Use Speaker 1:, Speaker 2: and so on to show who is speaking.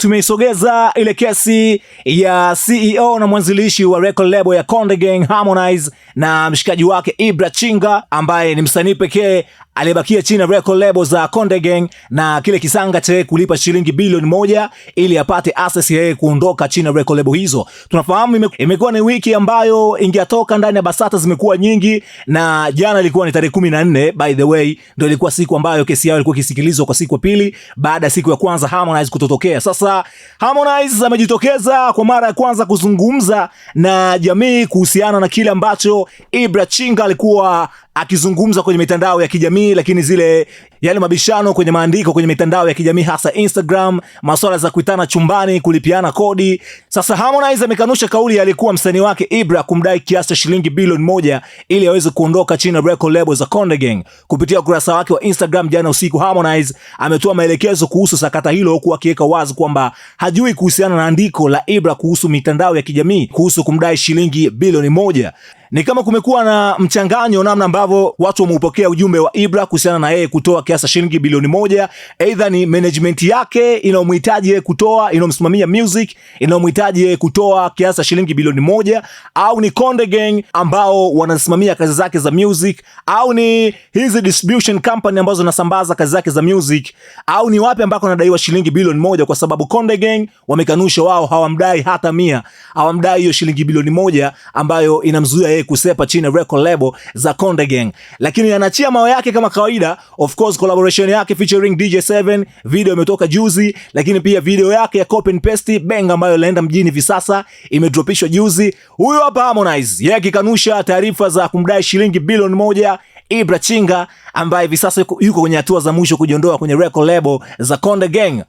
Speaker 1: Tumeisogeza ile kesi ya CEO na mwanzilishi wa record label ya Konde Gang Harmonize na mshikaji wake Ibra Chinga ambaye ni msanii pekee aliyebakia chini ya record label za Konde Gang na kile kisanga cha kulipa shilingi bilioni moja ili apate access yeye kuondoka chini ya record label hizo. Tunafahamu imekuwa ni wiki ambayo ingetoka ndani ya Basata zimekuwa nyingi, na jana ilikuwa ni tarehe 14 by the way, ndio ilikuwa siku ambayo kesi yao ilikuwa ikisikilizwa kwa siku ya pili baada ya siku ya kwanza Harmonize kutotokea. Sasa Harmonize amejitokeza kwa mara ya kwanza kuzungumza na jamii kuhusiana na kile ambacho Ibra Chinga alikuwa akizungumza kwenye mitandao ya kijamii lakini zile yale mabishano kwenye maandiko kwenye mitandao ya kijamii hasa Instagram, masuala za kuitana chumbani, kulipiana kodi. Sasa Harmonize amekanusha kauli alikuwa msanii wake Ibra kumdai kiasi cha shilingi bilioni moja ili aweze kuondoka chini ya record label za Konde Gang. Kupitia ukurasa wake wa Instagram jana usiku, Harmonize ametoa maelekezo kuhusu sakata hilo, huku akiweka wazi kwamba hajui kuhusiana na andiko la Ibra kuhusu mitandao ya kijamii kuhusu kumdai shilingi bilioni moja. Ni kama kumekuwa na mchanganyo namna ambavyo watu wameupokea ujumbe wa Ibra kuhusiana na yeye kutoa kiasi cha shilingi bilioni moja. Aidha ni management yake inayomhitaji yeye kutoa, inayomsimamia music inayomhitaji yeye kutoa kiasi cha shilingi bilioni moja, au ni Konde Gang ambao wanasimamia kazi zake za music, au ni hizi distribution company ambazo zinasambaza kazi zake za music, au ni wapi ambako anadaiwa shilingi bilioni moja? Kwa sababu Konde Gang wamekanusha wao hawamdai hata mia, hawamdai hiyo shilingi bilioni moja ambayo inamzuia yeye kusepa chini record label za Konde Gang, lakini anachia mawe yake kama kawaida. Of course collaboration yake featuring DJ7 video imetoka juzi, lakini pia video yake ya copy and paste benga ambayo inaenda mjini hivi sasa imedropishwa juzi. Huyo hapa Harmonize, yeye akikanusha taarifa za kumdai shilingi bilioni moja Ibra Chinga ambaye hivi sasa yuko kwenye hatua za mwisho kujiondoa kwenye record label za Konde Gang.